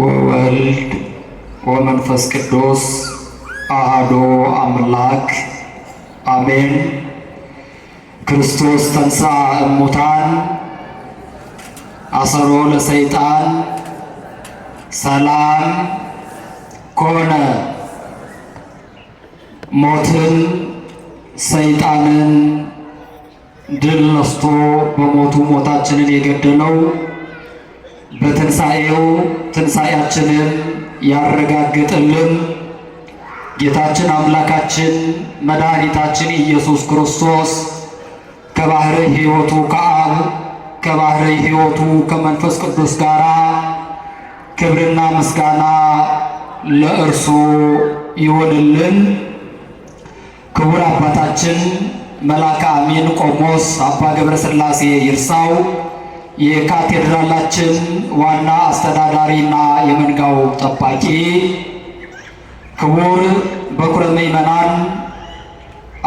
ወወልድ ወመንፈስ ቅዱስ አህዶ አምላክ አሜን። ክርስቶስ ተንሥአ እሙታን አሰሮ ለሰይጣን ሰላም ኮነ። ሞትን ሰይጣንን ድል ነስቶ በሞቱ ሞታችንን የገደለው በትንሣኤው ትንሣኤያችንን ያረጋግጥልን ጌታችን አምላካችን መድኃኒታችን ኢየሱስ ክርስቶስ ከባሕረ ሕይወቱ ከአብ ከባሕረ ሕይወቱ ከመንፈስ ቅዱስ ጋር ክብርና ምስጋና ለእርሱ ይሆንልን። ክቡር አባታችን መልአከ አሚን ቆሞስ አባ ገብረ ሥላሴ ይርሳው የካቴድራላችን ዋና አስተዳዳሪና የመንጋው ጠባቂ ክቡር በኩረ ምእመናን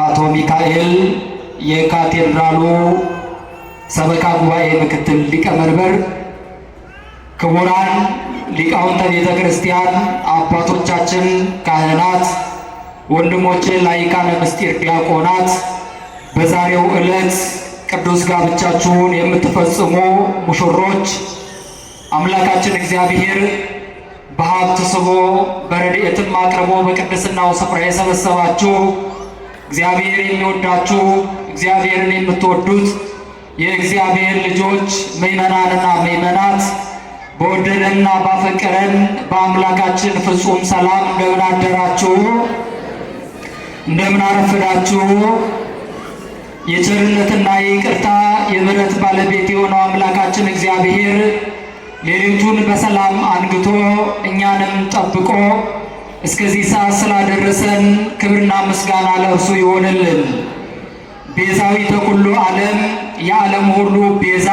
አቶ ሚካኤል የካቴድራሉ ሰበካ ጉባኤ ምክትል ሊቀመንበር፣ ክቡራን ሊቃውንተ ቤተ ክርስቲያን አባቶቻችን፣ ካህናት፣ ወንድሞችን ላይካነ ምስጢር ዲያቆናት በዛሬው ዕለት ቅዱስ ጋብቻችሁን የምትፈጽሙ ሙሽሮች አምላካችን እግዚአብሔር በሀብት ስቦ በረድኤትም አቅርቦ በቅድስናው ስፍራ የሰበሰባችሁ እግዚአብሔር የሚወዳችሁ እግዚአብሔርን የምትወዱት የእግዚአብሔር ልጆች ምእመናንና ምዕመናት በወደደንና ባፈቀረን በአምላካችን ፍጹም ሰላም እንደምን አደራችሁ? እንደምን አረፈዳችሁ? የቸርነትና የይቅርታ የምሕረት ባለቤት የሆነው አምላካችን እግዚአብሔር ሌሊቱን በሰላም አንግቶ እኛንም ጠብቆ እስከዚህ ሰዓት ስላደረሰን ክብርና ምስጋና ለእርሱ ይሆንልን። ቤዛዊተ ኩሉ ዓለም የዓለም ሁሉ ቤዛ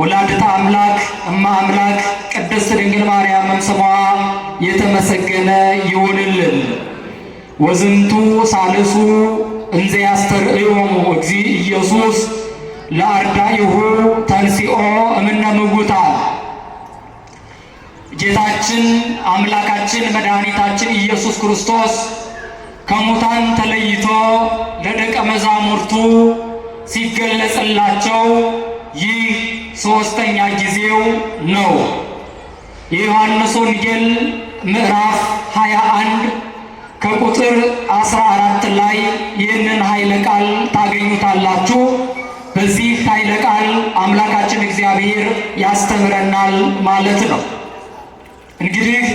ወላድተ አምላክ እማ አምላክ ቅድስት ድንግል ማርያምም ስሟ የተመሰገነ ይሆንልን። ወዝንቱ ሳልሱ እንዘ ያስተርእዮሙ እግዚ ኢየሱስ ለአርዳኢሁ ተንሲኦ እምነ ምውታን ጌታችን አምላካችን መድኃኒታችን ኢየሱስ ክርስቶስ ከሙታን ተለይቶ ለደቀ መዛሙርቱ ሲገለጽላቸው ይህ ሦስተኛ ጊዜው ነው። የዮሐንስ ወንጌል ምዕራፍ 21 ከቁጥር 14 ላይ ይህንን ኃይለ ቃል ታገኙታላችሁ። በዚህ ኃይለ ቃል አምላካችን እግዚአብሔር ያስተምረናል ማለት ነው። እንግዲህ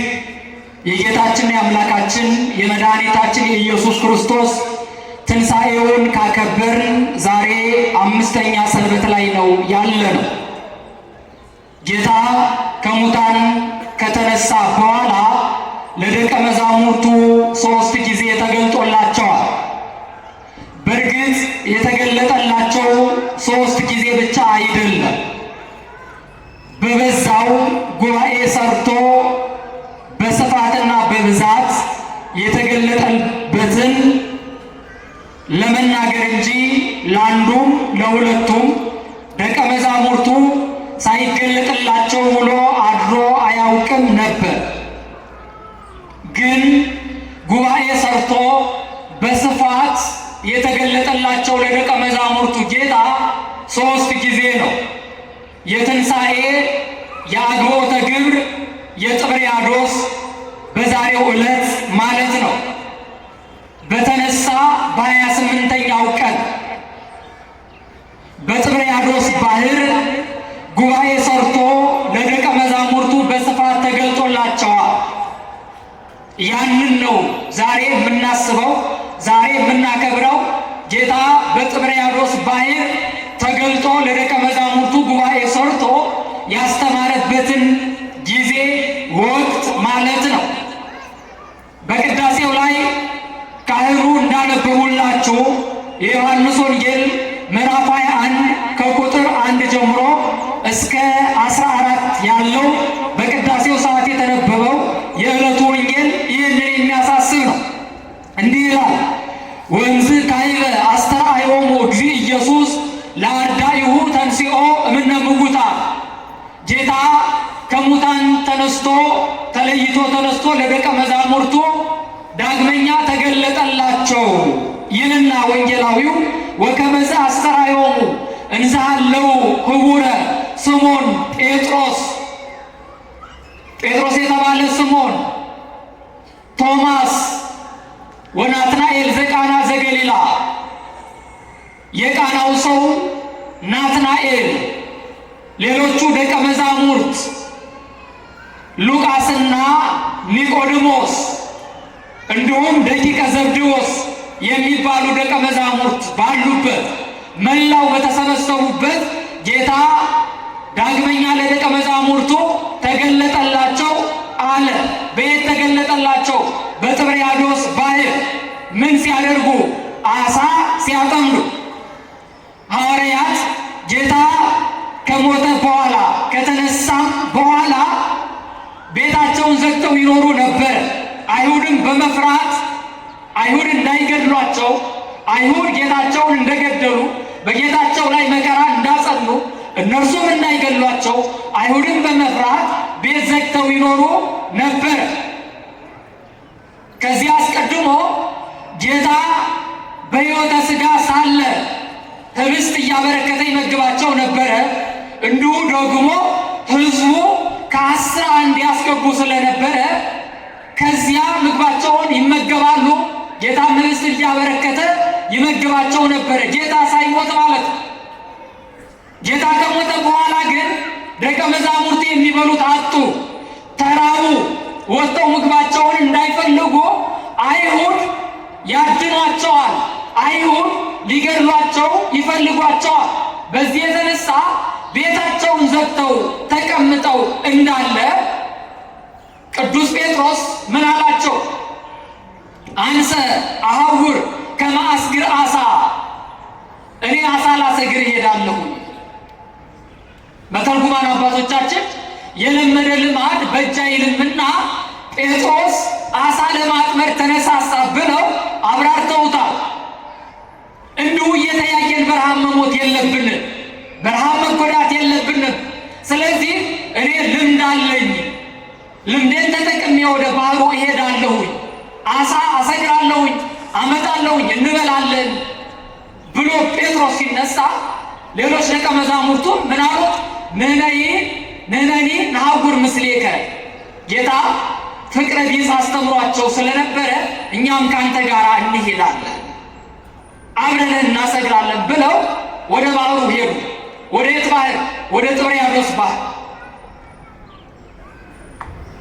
የጌታችን የአምላካችን የመድኃኒታችን የኢየሱስ ክርስቶስ ትንሣኤውን ካከበርን ዛሬ አምስተኛ ሰንበት ላይ ነው ያለ ነው። ጌታ ከሙታን ከተነሳ በኋላ ለደቀ መዛሙርቱ ሶስት ጊዜ ተገልጦላቸዋል። በእርግጥ የተገለጠላቸው ሶስት ጊዜ ብቻ አይደለም። በበዛው ጉባኤ ሰርቶ በስፋትና በብዛት የተገለጠበትን ለመናገር እንጂ ለአንዱም ለሁለቱም ደቀ መዛሙርቱ ሳይገለጥላቸው ውሎ አድሮ አያውቅም ነበር። የተገለጠላቸው ለደቀ መዛሙርቱ ጌታ ሦስት ጊዜ ነው። የትንሣኤ፣ የአግቦተ ግብር፣ የጥብርያዶስ በዛሬው ዕለት ማለት ነው። በተነሳ በሀያ ስምንተኛው ቀን በጥብርያዶስ ባህር ጉባኤ ሰርቶ ለደቀ መዛሙርቱ በስፋት ተገልጦላቸዋል። ያንን ነው ዛሬ የምናስበው። ዛሬ የምናከብረው ጌታ በጥብርያዶስ ባህር ተገልጦ ለደቀ መዛሙርቱ ጉባኤ ሰርቶ ያስተማረበትን ጊዜ ወቅት ማለት ነው። በቅዳሴው ላይ ካህኑ እንዳነበቡላችሁ የዮሐንስ ወንጌል ምዕራፍ 21 ከቁጥር አንድ ጀምሮ እስከ 14 ያለው በቅዳሴው ሰዓት የተነበበ እንዲህ ይላል ወንዝ ካይበ አስተርአዮሙ እግዚእ ኢየሱስ ለአርዳኢሁ ተንሥኦ እምነ ሙታን ጌታ ከሙታን ተነስቶ ተለይቶ ተነስቶ ለደቀ መዛሙርቱ ዳግመኛ ተገለጠላቸው ይልና ወንጌላዊው ወከመዝ አስተርአዮሙ እንዛሃለው ህቡረ ስሞን ጴጥሮስ ጴጥሮስ የተባለ ስሞን ቶማስ ወናትናኤል ዘቃና ዘገሊላ የቃናው ሰው ናትናኤል፣ ሌሎቹ ደቀ መዛሙርት ሉቃስና ኒቆዲሞስ እንዲሁም ደቂቀ ዘብድዎስ የሚባሉ ደቀ መዛሙርት ባሉበት መላው በተሰበሰቡበት ጌታ ዳግመኛ ለደቀ መዛሙርቱ ተገለጠላቸው። አለ። በየት ተገለጠላቸው? በጥብርያዶስ ባሕር ምን ሲያደርጉ? አሳ ሲያጠምዱ ሐዋርያት ጌታ ከሞተ በኋላ ከተነሳም በኋላ ቤታቸውን ዘግተው ይኖሩ ነበር። አይሁድን በመፍራት አይሁድ እንዳይገድሏቸው አይሁድ ጌታቸውን እንደገደሉ በጌታቸው ላይ መከራ እንዳጸኑ እነርሱም እንዳይገድሏቸው አይሁድን በመፍራት ቤት ዘግተው ይኖሩ ነበር። ከዚህ አስቀድሞ ጌታ በሕይወተ ሥጋ ሳለ ህብስት እያበረከተ ይመግባቸው ነበረ። እንዲሁ ደግሞ ህዝቡ ከአስር አንድ ያስገቡ ስለነበረ ከዚያ ምግባቸውን ይመገባሉ። ጌታ ህብስት እያበረከተ ይመግባቸው ነበረ፣ ጌታ ሳይሞት ማለት። ጌታ ከሞተ በኋላ ግን ደቀ መዛሙርት የሚበሉት አጡ፣ ተራቡ። ወጥተው ምግባቸውን እንዳይፈልጉ አይሁድ ያድኗቸዋል፣ አይሁድ ሊገድሏቸው ይፈልጓቸዋል። በዚህ የተነሳ ቤታቸውን ዘግተው ተቀምጠው እንዳለ ቅዱስ ጴጥሮስ ምን አላቸው? አንሰ አሐውር ከማአስግር አሳ፣ እኔ አሳ ላሰግር እሄዳለሁ መተርጉማን አባቶቻችን የለመደ ልማድ በእጃ ይልምና ጴጥሮስ አሳ ለማጥመድ ተነሳሳ ብለው አብራርተውታል። እንዲሁ እየተያየን በረሃብ መሞት የለብንም፣ በረሃብ መጎዳት የለብንም። ስለዚህ እኔ ልምድ አለኝ፣ ልምዴን ተጠቅሜ ወደ ባህሩ እሄዳለሁኝ፣ አሳ አሰግራለሁኝ፣ አመጣለሁኝ፣ እንበላለን ብሎ ጴጥሮስ ሲነሳ ሌሎች ደቀ መዛሙርቱ ምናሉት? ምህናዬ ምህናኔ ናጉር ምስሌከ ጌታ ፍቅረ ቢጽ አስተምሯቸው ስለነበረ እኛም ካንተ ጋር እንሄዳለን አብረን እናሰግዳለን ብለው ወደ ባህሩ ሄዱ። ወደ የት ባህር? ወደ ጥብርያዶስ ባህር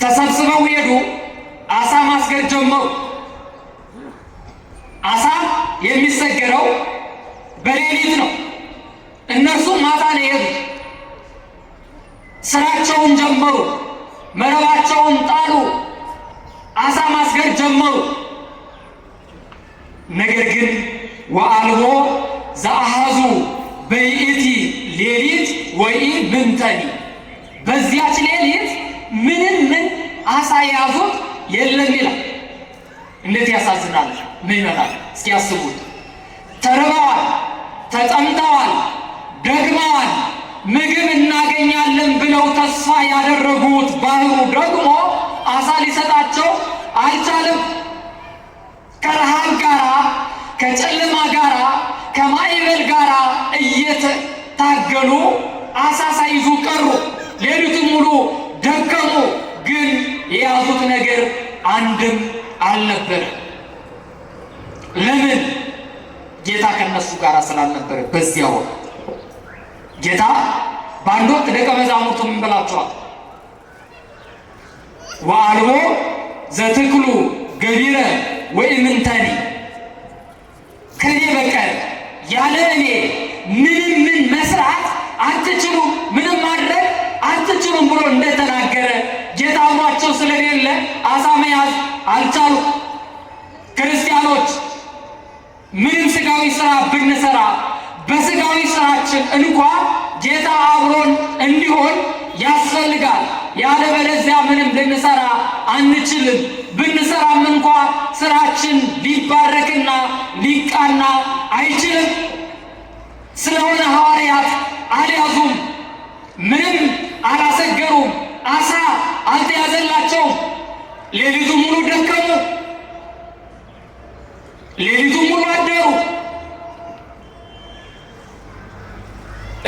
ተሰብስበው ሄዱ። አሳ ማስገድ ጀመሩ። አሳ የሚሰገረው በሌሊት ነው። እነርሱም ማታ ነው የሄዱት። ስራቸውን ጀመሩ። መረባቸውን ጣሉ፣ አሳ ማስገር ጀመሩ። ነገር ግን ወአልቦ ዘአሃዙ በይእቲ ሌሊት ወይ ምንተኒ፣ በዚያች ሌሊት ምንም ምን አሳ የያዙት የለም ይላል። እንዴት ያሳዝናል! ምን ይመጣል? እስኪ ያስቡት። ተርበዋል፣ ተጠምጠዋል ደግመዋል ምግብ እናገኛለን ብለው ተስፋ ያደረጉት ባህሩ ደግሞ አሳ ሊሰጣቸው አልቻለም። ከረሃብ ጋራ፣ ከጨለማ ጋራ፣ ከማዕበል ጋራ እየታገሉ አሳ ሳይዙ ቀሩ። ሌሊቱን ሙሉ ደከሙ፣ ግን የያዙት ነገር አንድም አልነበረ። ለምን? ጌታ ከነሱ ጋር ስላልነበረ በዚያ ወቅት ጌታ በአንድ ወቅት ደቀ መዛሙርቱ ምን ብላቸዋል? ወአልቦ ዘትክሉ ገቢረ ወኢምንተኒ ከኔ በቀር ያለ እኔ ምንም ምን መስራት አትችሉ፣ ምንም ማድረግ አትችሉም ብሎ እንደተናገረ ጌታ አብሯቸው ስለሌለ አሳ መያዝ አልቻሉ። ክርስቲያኖች ምንም ስጋዊ ስራ ብንሰራ በስጋዊ ስራችን እንኳ ጌታ አብሮን እንዲሆን ያስፈልጋል። ያለበለዚያ ምንም ልንሰራ አንችልም። ብንሰራም እንኳ ስራችን ሊባረክና ሊቃና አይችልም። ስለሆነ ሐዋርያት አልያዙም፣ ምንም አላሰገሩም፣ አሳ አልተያዘላቸውም። ሌሊቱ ሙሉ ደከሙ፣ ሌሊቱ ሙሉ አደሩ።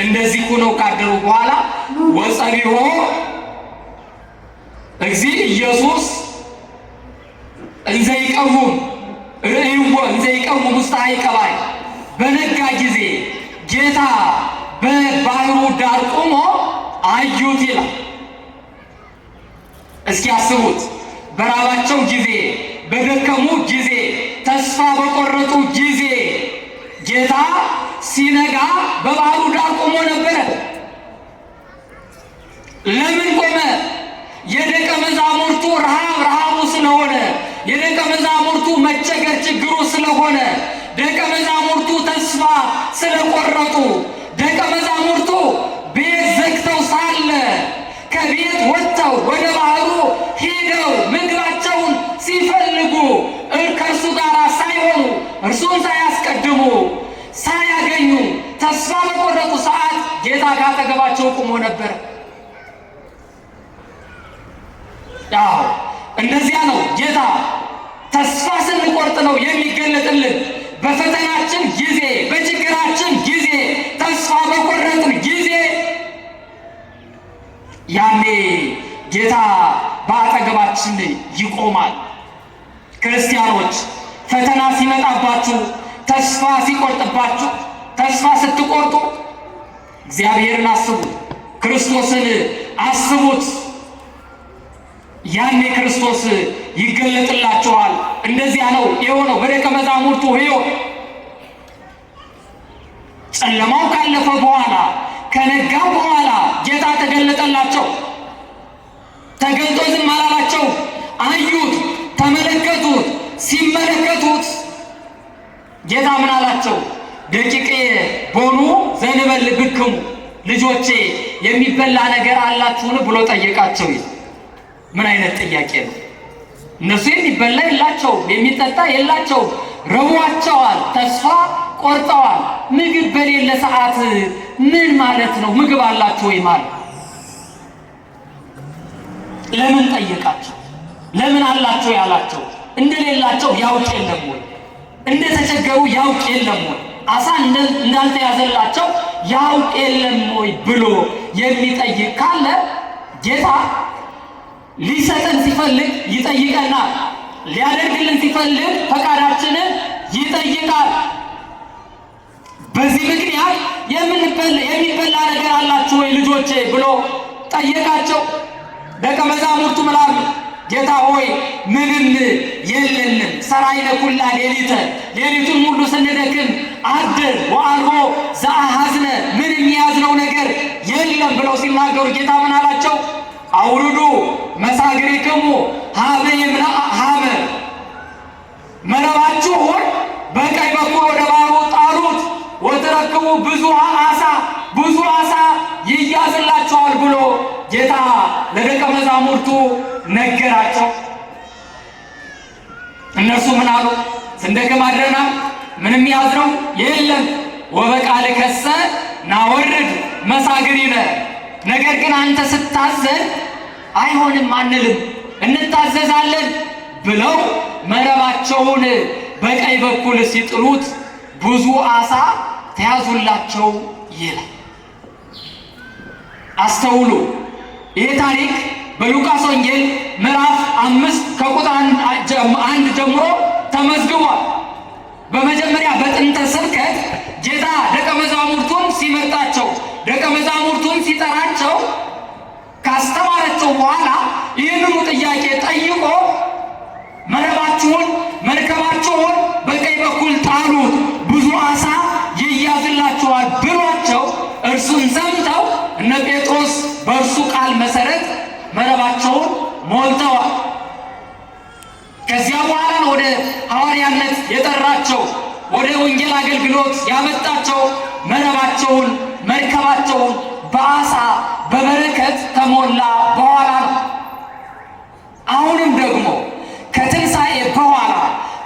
እንደዚህ ሆኖ ካደሩ በኋላ ወጸሪሆ እግዚ ኢየሱስ እንዘይቀውም ርእይዎ እንዘይቀውም ውስጥ አይቀባይ በነጋ ጊዜ ጌታ በባህሩ ዳር ቆሞ አዩት ይላል። እስኪ አስቡት። በራባቸው ጊዜ፣ በደከሙ ጊዜ፣ ተስፋ በቆረጡ ጊዜ ጌታ ሲነጋ በባህሩ ዳር ቆሞ ነበረ። ለምን ቆመ? የደቀ መዛሙርቱ ረሃብ ረሃቡ ስለሆነ፣ የደቀ መዛሙርቱ መቸገር ችግሩ ስለሆነ፣ ደቀ መዛሙርቱ ተስፋ ስለቆረጡ፣ ደቀ መዛሙርቱ ቤት ዘግተው ሳለ ከቤት ወጥተው ወደ ባህሩ ሄደው ምግባቸውን ሲፈልጉ ከእርሱ ጋር ሳይሆኑ እርሱን ሳያስቀድሙ ሳያገኙ ተስፋ በቆረጡ ሰዓት ጌታ ካጠገባቸው ቁሞ ነበር። ያው እንደዚያ ነው። ጌታ ተስፋ ስንቆርጥ ነው የሚገለጥልን። በፈተናችን ጊዜ፣ በችግራችን ጊዜ፣ ተስፋ በቆረጥን ጊዜ ያኔ ጌታ በአጠገባችን ይቆማል። ክርስቲያኖች ፈተና ሲመጣባችሁ ተስፋ ሲቆርጥባችሁ ተስፋ ስትቆርጡ እግዚአብሔርን አስቡት፣ ክርስቶስን አስቡት። ያኔ ክርስቶስ ይገለጥላችኋል። እንደዚያ ነው የሆነው በደቀ መዛሙርቱ ሕይወት። ጨለማው ካለፈ በኋላ ከነጋ በኋላ ጌታ ተገለጠላቸው። ጌታ ምን አላቸው? ደቂቄ ቦኑ ዘንበል ብክሙ ልጆቼ የሚበላ ነገር አላችሁን ብሎ ጠየቃቸው። ምን አይነት ጥያቄ ነው? እነሱ የሚበላ የላቸውም፣ የሚጠጣ የላቸው ርቧቸዋል፣ ተስፋ ቆርጠዋል። ምግብ በሌለ ሰዓት ምን ማለት ነው? ምግብ አላችሁ ወይ ማለት ለምን ጠየቃቸው? ለምን አላቸው ያላቸው እንደሌላቸው ያውቅ የለም ወይ? እንደተቸገሩ ያውቅ የለም ወይ አሳ እንዳልተያዘላቸው ያውቅ የለም ወይ ብሎ የሚጠይቅ ካለ ጌታ ሊሰጠን ሲፈልግ ይጠይቀናል። ሊያደርግልን ሲፈልግ ፈቃዳችንን ይጠይቃል። በዚህ ምክንያት የሚበላ ነገር አላችሁ ወይ ልጆቼ ብሎ ጠየቃቸው። ደቀ መዛሙርቱ ምላሉ ጌታ ሆይ ምንም የለንም። ሰራይነ ኩላ ሌሊተ ሌሊቱን ሙሉ ስንደክም አድር ወአልቦ ዘአሐዝነ ምንም የያዝነው ነገር የለም ብለው ሲናገሩ ጌታ ምን አላቸው? አውርዱ መሳግሪክሙ ሀበ ይምልአ ሀመ መረባችሁን በቀኝ በኩል ወደ ባህሩ ጣሉት ወትረክቡ ብዙ አሳ ብዙ አሳ ይያዝላቸዋል ብሎ ጌታ ለደቀ መዛሙርቱ ነገራቸው። እነርሱ ምን አሉ? ስንደክም አድረናል፣ ምንም ያዝነው የለም። ወበቃል ከሰ ናወርድ መሳግሪነ፣ ነገር ግን አንተ ስታዘዝ አይሆንም አንልም እንታዘዛለን ብለው መረባቸውን በቀኝ በኩል ሲጥሉት ብዙ አሳ ተያዙላቸው ይላል። አስተውሉ። ይህ ታሪክ በሉቃስ ወንጌል ምዕራፍ አምስት ከቁጥር አንድ ጀምሮ ተመዝግቧል። በመጀመሪያ በጥንተ ስብከት ጌታ ደቀ መዛሙርቱን ሲመርጣቸው ደቀ መዛሙርቱን ሲጠራቸው ካስተማረቸው በኋላ ይህንኑ ጥያቄ ጠይቆ ሞልተዋል። ከዚያ በኋላ ወደ ሐዋርያነት የጠራቸው ወደ ወንጌል አገልግሎት ያመጣቸው መረባቸውን መርከባቸውን በአሳ በበረከት ተሞላ በኋላ ነው። አሁንም ደግሞ ከትንሣኤ በኋላ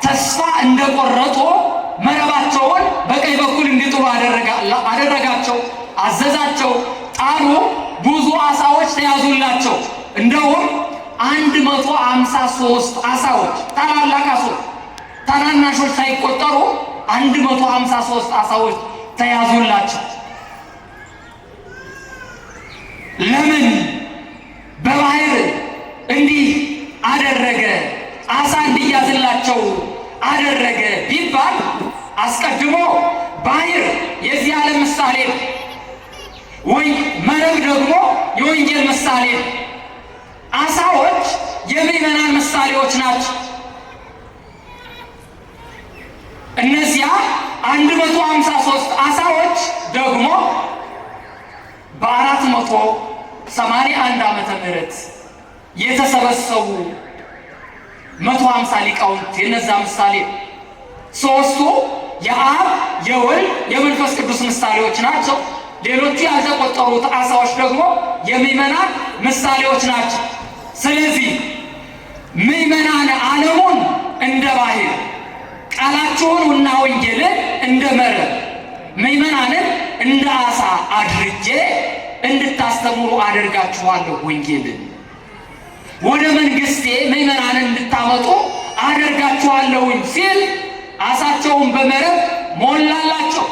ተስፋ እንደቆረጡ መረባቸውን በቀኝ በኩል እንዲጥሉ አደረጋቸው፣ አዘዛቸው። ጣሉ። ብዙ አሳዎች ተያዙላቸው። እንደውም አንድ መቶ አምሳ ሶስት አሳዎች ታላላቅ አሳዎች ታናናሾች ሳይቆጠሩ አንድ መቶ አምሳ ሶስት አሳዎች ተያዙላቸው። ለምን በባህር እንዲህ አደረገ? አሳ እንዲያዝላቸው አደረገ ቢባል አስቀድሞ ባህር የዚህ ዓለም ምሳሌ ወይ መረብ ደግሞ የወንጌል ምሳሌ ነው። አሳዎች የምእመናን ምሳሌዎች ናቸው። እነዚያ አንድ መቶ ሀምሳ ሶስት አሳዎች ደግሞ በአራት መቶ ሰማንያ አንድ ዓመተ ምህረት የተሰበሰቡ መቶ ሀምሳ ሊቃውንት የነዛ ምሳሌ ሶስቱ የአብ የወልድ የመንፈስ ቅዱስ ምሳሌዎች ናቸው። ሌሎቹ ያልተቆጠሩት አሳዎች ደግሞ የምዕመናን ምሳሌዎች ናቸው። ስለዚህ ምዕመናን ዓለሙን እንደ ባህል ቃላችሁን እና ወንጌልን እንደ መረብ ምእመናንን እንደ አሳ አድርጌ እንድታስተምሩ አደርጋችኋለሁ። ወንጌልን ወደ መንግሥቴ ምእመናንን እንድታመጡ አደርጋችኋለሁኝ ሲል አሳቸውን በመረብ ሞላላቸው።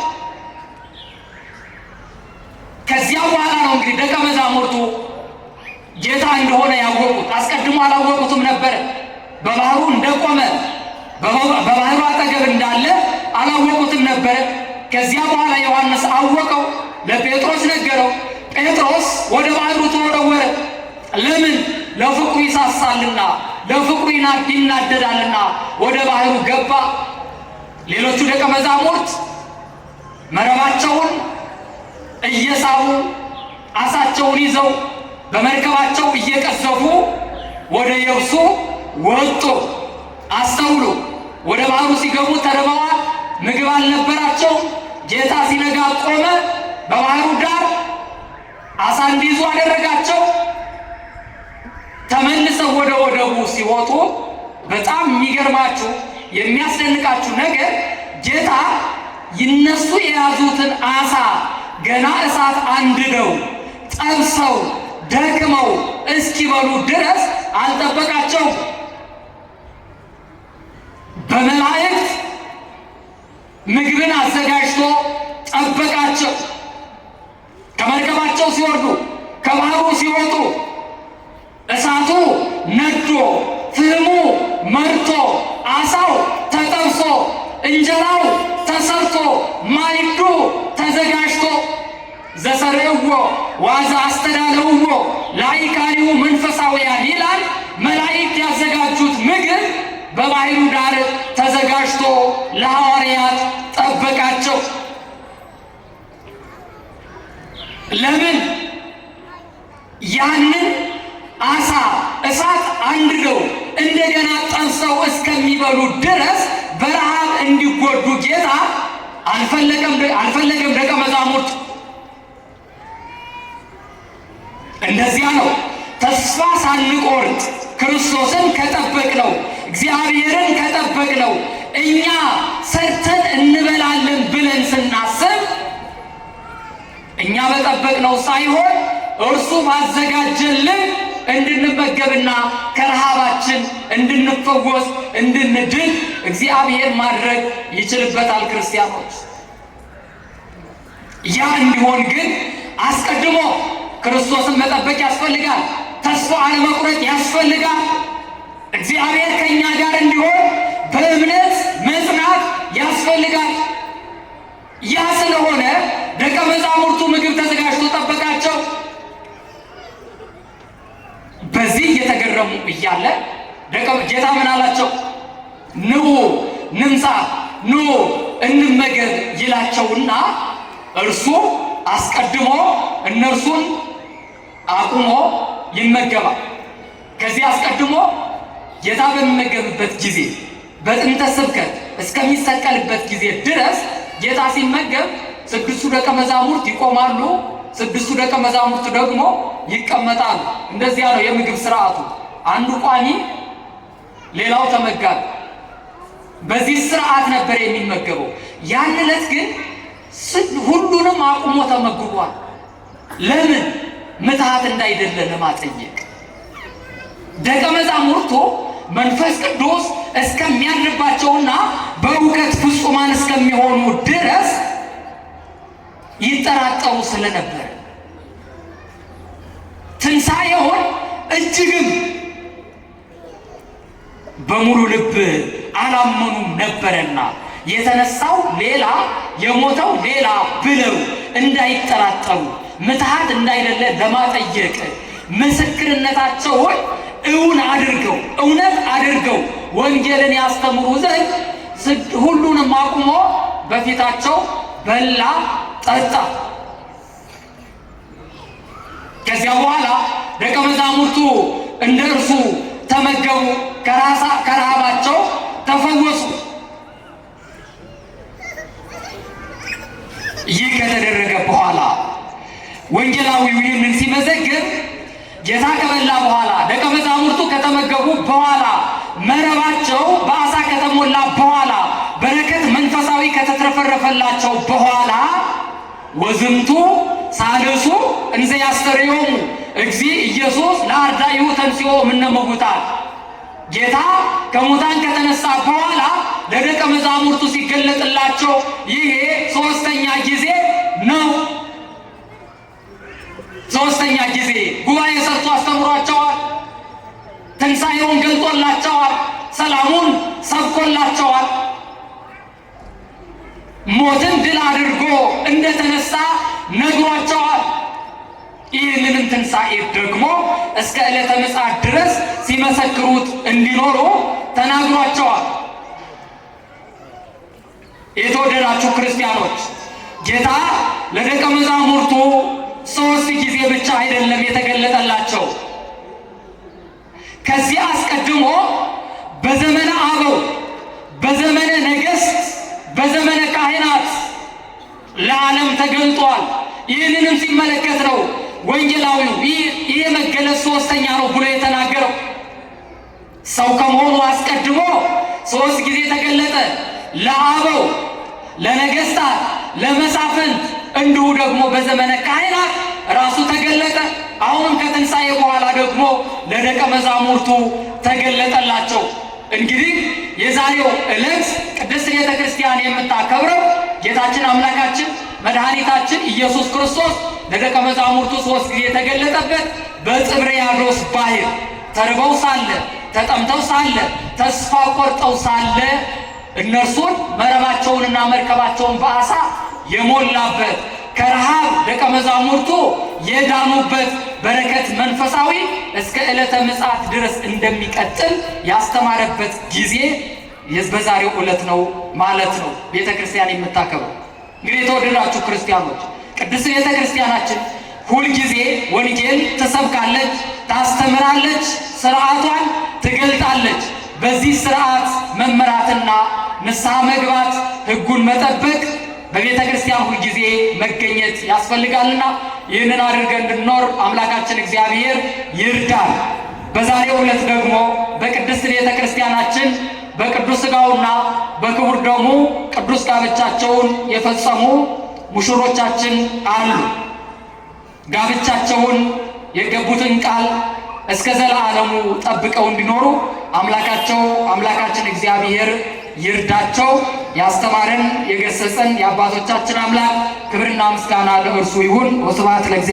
ከዚያ በኋላ ነው እንግዲህ ደቀ መዛሙርቱ እንደሆነ ያወቁት አስቀድሞ አላወቁትም ነበረ። በባህሩ እንደቆመ በባህሩ አጠገብ እንዳለ አላወቁትም ነበረ። ከዚያ በኋላ ዮሐንስ አወቀው፣ ለጴጥሮስ ነገረው። ጴጥሮስ ወደ ባህሩ ተወረወረ። ለምን? ለፍቅሩ ይሳሳልና፣ ለፍቅሩ ይናደዳልና ወደ ባህሩ ገባ። ሌሎቹ ደቀ መዛሙርት መረባቸውን እየሳቡ አሳቸውን ይዘው በመርከባቸው እየቀዘፉ ወደ የብሱ ወጡ። አስተውሉ። ወደ ባህሩ ሲገቡ ተርበዋል፣ ምግብ አልነበራቸው። ጌታ ሲነጋ ቆመ፣ በባህሩ ዳር አሳ እንዲይዙ አደረጋቸው። ተመልሰው ወደ ወደቡ ሲወጡ በጣም የሚገርማችሁ የሚያስደንቃችሁ ነገር ጌታ ይነሱ የያዙትን አሳ ገና እሳት አንድደው ጠብሰው ደክመው እስኪበሉ ድረስ አልጠበቃቸውም። በመላእክት ምግብን አዘጋጅቶ ጠበቃቸው። ከመርከባቸው ሲወርዱ፣ ከባህሩ ሲወጡ እሳቱ ነዶ፣ ፍህሙ መርቶ፣ አሳው ተጠብሶ፣ እንጀራው ተሰርቶ፣ ማይዱ ተዘጋጅቶ ዘሰርዕዎ ዋዛ አስተዳለውዎ ላይቃሪው መንፈሳውያን ይላል መላእክት ያዘጋጁት ምግብ በባሕሩ ዳር ተዘጋጅቶ ለሐዋርያት ጠበቃቸው። ለምን? ያንን አሳ እሳት አንድደው እንደገና ጠብሰው እስከሚበሉ ድረስ በረሃብ እንዲጎዱ ጌታ አልፈለገም ደቀ መዛሙርት እንደዚያ ነው። ተስፋ ሳንቆርጥ ክርስቶስን ከጠበቅነው እግዚአብሔርን ከጠበቅነው እኛ ሰርተን እንበላለን ብለን ስናስብ እኛ በጠበቅነው ሳይሆን እርሱ ባዘጋጀልን እንድንመገብና ከረሃባችን እንድንፈወስ እንድንድል እግዚአብሔር ማድረግ ይችልበታል። ክርስቲያኖች ያ እንዲሆን ግን አስቀድሞ ክርስቶስን መጠበቅ ያስፈልጋል። ተስፋ አለመቁረጥ ያስፈልጋል። እግዚአብሔር ከእኛ ጋር እንዲሆን በእምነት መጽናት ያስፈልጋል። ያ ስለሆነ ደቀ መዛሙርቱ ምግብ ተዘጋጅቶ ጠበቃቸው። በዚህ እየተገረሙ እያለ ጌታ ምን አላቸው? ንዑ ንምሳ ኑ እንመገብ ይላቸውና እርሱ አስቀድሞ እነርሱን አቁሞ ይመገባል። ከዚህ አስቀድሞ ጌታ በሚመገብበት ጊዜ በጥንተ ስብከት እስከሚሰቀልበት ጊዜ ድረስ ጌታ ሲመገብ ስድስቱ ደቀ መዛሙርት ይቆማሉ፣ ስድስቱ ደቀ መዛሙርት ደግሞ ይቀመጣሉ። እንደዚያ ነው የምግብ ስርዓቱ። አንዱ ቋሚ፣ ሌላው ተመጋቢ። በዚህ ስርዓት ነበር የሚመገበው። ያን ዕለት ግን ሁሉንም አቁሞ ተመግቧል። ለምን? ምትሃት እንዳይደለ ለማጠየቅ ደቀ መዛሙርቱ መንፈስ ቅዱስ እስከሚያድርባቸውና በእውቀት ፍጹማን እስከሚሆኑ ድረስ ይጠራጠሩ ስለነበር ትንሣኤውን እጅግም በሙሉ ልብ አላመኑም ነበረና የተነሳው ሌላ የሞተው ሌላ ብለው እንዳይጠራጠሩ ምትሃት እንዳይደለ በማጠየቅ ምስክርነታቸውን እውን አድርገው እውነት አድርገው ወንጌልን ያስተምሩ ዘንድ ሁሉንም አቁሞ በፊታቸው በላ፣ ጠጣ። ከዚያ በኋላ ደቀ መዛሙርቱ እንደ እርሱ ተመገቡ፣ ከረሃባቸው ተፈወሱ። ይህ ከተደረገ በኋላ ወንጌላዊ ይህንን ሲመዘግብ ጌታ ከበላ በኋላ ደቀ መዛሙርቱ ከተመገቡ በኋላ መረባቸው በአሳ ከተሞላ በኋላ በረከት መንፈሳዊ ከተትረፈረፈላቸው በኋላ ወዝምቱ ሳልሱ እንዘ ያስተርዮሙ እግዚ ኢየሱስ ለአርዳኢሁ ተንሥኦ እምነ ሙታን ጌታ ከሙታን ከተነሳ በኋላ ለደቀ መዛሙርቱ ሲገለጥላቸው ይሄ ሦስተኛ ጊዜ ነው። ሶስተኛ ጊዜ ጉባኤ ሰርቶ አስተምሯቸዋል። ትንሣኤውን ገልጦላቸዋል። ሰላሙን ሰብኮላቸዋል። ሞትን ድል አድርጎ እንደተነሳ ነግሯቸዋል። ይህንንም ትንሣኤ ደግሞ እስከ ዕለተ ምጽአት ድረስ ሲመሰክሩት እንዲኖሩ ተናግሯቸዋል። የተወደዳችሁ ክርስቲያኖች ጌታ ለደቀ መዛሙርቱ ሶስት ጊዜ ብቻ አይደለም የተገለጠላቸው። ከዚህ አስቀድሞ በዘመነ አበው፣ በዘመነ ነገሥት፣ በዘመነ ካህናት ለዓለም ተገልጧል። ይህንንም ሲመለከት ነው ወንጌላዊው ይህ መገለጽ ሶስተኛ ነው ብሎ የተናገረው። ሰው ከመሆኑ አስቀድሞ ሶስት ጊዜ ተገለጠ። ለአበው፣ ለነገሥታት፣ ለመሳፍንት እንዲሁ ደግሞ በዘመነ ካህናት ራሱ ተገለጠ። አሁንም ከትንሣኤ በኋላ ደግሞ ለደቀ መዛሙርቱ ተገለጠላቸው። እንግዲህ የዛሬው ዕለት ቅድስት ቤተ ክርስቲያን የምታከብረው ጌታችን አምላካችን መድኃኒታችን ኢየሱስ ክርስቶስ ለደቀ መዛሙርቱ ሦስት ጊዜ የተገለጠበት በጥብርያዶስ ባሕር ተርበው ሳለ፣ ተጠምተው ሳለ፣ ተስፋ ቆርጠው ሳለ እነርሱን መረባቸውንና መርከባቸውን በአሳ የሞላበት ከረሃብ ደቀ መዛሙርቱ የዳኑበት በረከት መንፈሳዊ እስከ ዕለተ ምጽአት ድረስ እንደሚቀጥል ያስተማረበት ጊዜ በዛሬው ዕለት ነው ማለት ነው። ቤተ ክርስቲያን የምታከብረው እንግዲህ የተወደዳችሁ ክርስቲያኖች ቅድስት ቤተ ክርስቲያናችን ሁልጊዜ ወንጌል ትሰብካለች፣ ታስተምራለች፣ ስርዓቷን ትገልጣለች። በዚህ ስርዓት መመራትና ንስሐ መግባት ህጉን መጠበቅ በቤተ ክርስቲያን ሁልጊዜ መገኘት ያስፈልጋልና ይህንን አድርገን እንድንኖር አምላካችን እግዚአብሔር ይርዳል። በዛሬው ዕለት ደግሞ በቅድስት ቤተ ክርስቲያናችን በቅዱስ ሥጋውና በክቡር ደሙ ቅዱስ ጋብቻቸውን የፈጸሙ ሙሽሮቻችን አሉ። ጋብቻቸውን የገቡትን ቃል እስከ ዘላለሙ ጠብቀው እንዲኖሩ አምላካቸው አምላካችን እግዚአብሔር ይርዳቸው። ያስተማረን የገሰጸን የአባቶቻችን አምላክ ክብርና ምስጋና ለእርሱ ይሁን። ወስብሐት ለእግዚአብሔር።